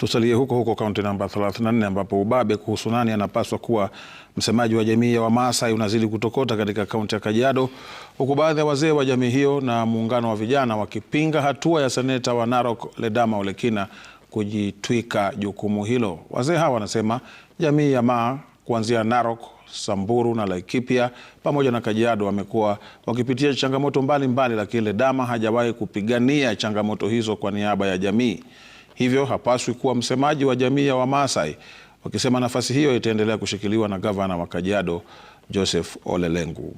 Tusalie huko huko kaunti namba 34 ambapo ubabe kuhusu nani anapaswa kuwa msemaji wa jamii ya Wamaasai unazidi kutokota katika kaunti ya Kajiado, huku baadhi ya wazee wa jamii hiyo na muungano wa vijana wakipinga hatua ya seneta wa Narok Ledama Olekina kujitwika jukumu hilo. Wazee hawa wanasema jamii ya Maa kuanzia Narok, Samburu na Laikipia pamoja na Kajiado wamekuwa wakipitia changamoto mbalimbali, lakini Ledama hajawahi kupigania changamoto hizo kwa niaba ya jamii hivyo hapaswi kuwa msemaji wa jamii ya Wamaasai, wakisema nafasi hiyo itaendelea kushikiliwa na gavana wa Kajiado Joseph Olelengu.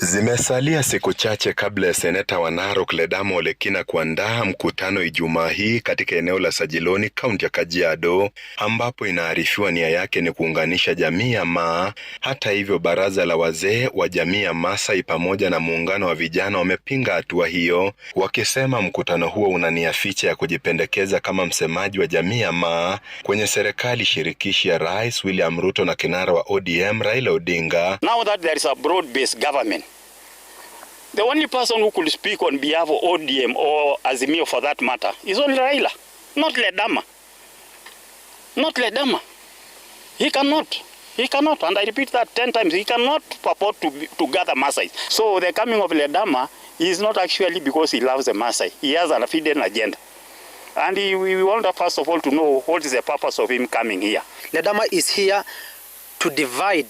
Zimesalia siku chache kabla ya seneta wa Narok Ledama Ole kuandaa mkutano Ijumaa hii katika eneo la Sajiloni, kaunti ya Kajiado, ambapo inaarifiwa nia yake ni kuunganisha jamii ya Maa. Hata hivyo, baraza la wazee wa jamii ya Masai pamoja na muungano wa vijana wamepinga hatua hiyo, wakisema mkutano huo una nia ficha ya kujipendekeza kama msemaji wa jamii ya Maa kwenye serikali shirikishi ya Rais William Ruto na kinara wa ODM Raila Odinga. Now that there is a broad-based government The only person who could speak on behalf of ODM or Azimio for that matter is only Raila, not Ledama. Not Ledama. He cannot. He cannot, and I repeat that 10 times, he cannot purport to, to gather Maasai. So the coming of Ledama is not actually because he loves the Maasai. He has an hidden agenda. And he, we want first of all to know what is the purpose of him coming here. Ledama is here to divide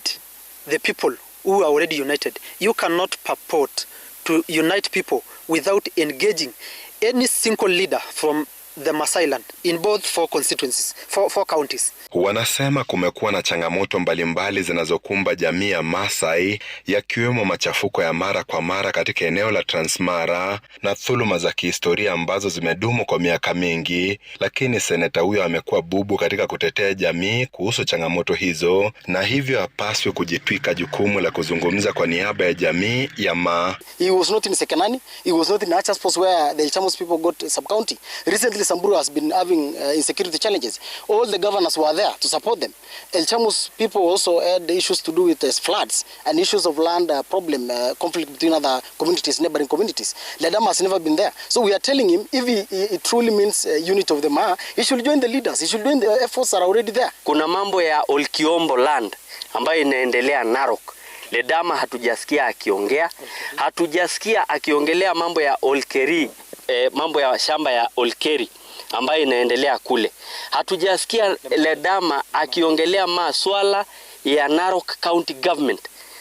the people who are already united. You cannot purport to unite people without engaging any single leader from the Masailand in both four constituencies, four, four counties. Wanasema kumekuwa na changamoto mbalimbali zinazokumba jamii ya Masai yakiwemo machafuko ya mara kwa mara katika eneo la Transmara na dhuluma za kihistoria ambazo zimedumu kwa miaka mingi, lakini seneta huyo amekuwa bubu katika kutetea jamii kuhusu changamoto hizo na hivyo hapaswi kujitwika jukumu la kuzungumza kwa niaba ya jamii ya ma He was not in Sekenani, he was not in Achas Post where the Chamus people got sub-county. Recently Samburu has been having uh, insecurity challenges. All the governors were there to support them. El Chamus people also had issues to do with uh, floods and issues of land uh, problem, uh, conflict between other communities, neighboring communities. Ledama has never been there. So we are telling him if he, he, he truly means uh, unit of the Maa, he should join the leaders. He should join the efforts that are already there. Kuna mambo ya Olkiombo land ambayo inaendelea Narok. Ledama hatujasikia akiongea, hatujasikia akiongelea mambo ya Olkeri eh, mambo ya shamba ya Olkeri ambayo inaendelea kule. Hatujasikia Ledama akiongelea maswala ya Narok County Government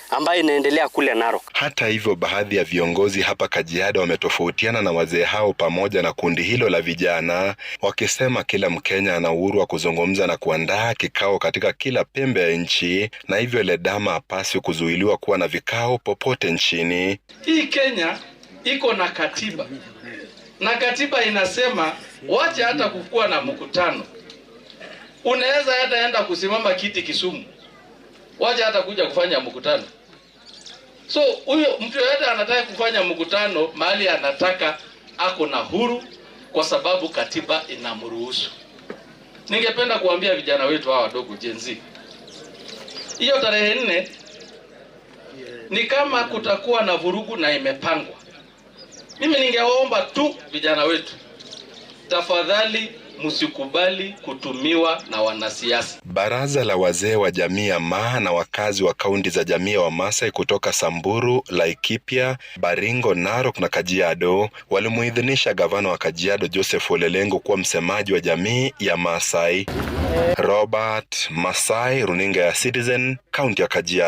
ambayo inaendelea kule Narok. Hata hivyo, baadhi ya viongozi hapa Kajiado wametofautiana na wazee hao pamoja na kundi hilo la vijana, wakisema kila Mkenya ana uhuru wa kuzungumza na kuandaa kikao katika kila pembe ya nchi, na hivyo Ledama hapaswi kuzuiliwa kuwa na vikao popote nchini. Hii Kenya iko na katiba na katiba inasema wacha hata kukuwa na mkutano, unaweza hata enda kusimama kiti Kisumu, wacha hata kuja kufanya mkutano. So huyo mtu yoyote anataka kufanya mkutano mahali anataka, ako na huru, kwa sababu katiba inamruhusu. Ningependa kuambia vijana wetu hawa wadogo Gen Z, hiyo tarehe nne ni kama kutakuwa na vurugu na imepangwa mimi ningewaomba tu vijana wetu, tafadhali msikubali kutumiwa na wanasiasa. Baraza la wazee wa jamii ya Maa na wakazi wa kaunti za jamii ya Wamasai kutoka Samburu, Laikipia, Baringo, Narok na Kajiado walimuidhinisha gavana wa Kajiado Joseph olelengo kuwa msemaji wa jamii ya Maasai. Robert Masai, runinga ya Citizen, kaunti ya Kajiado.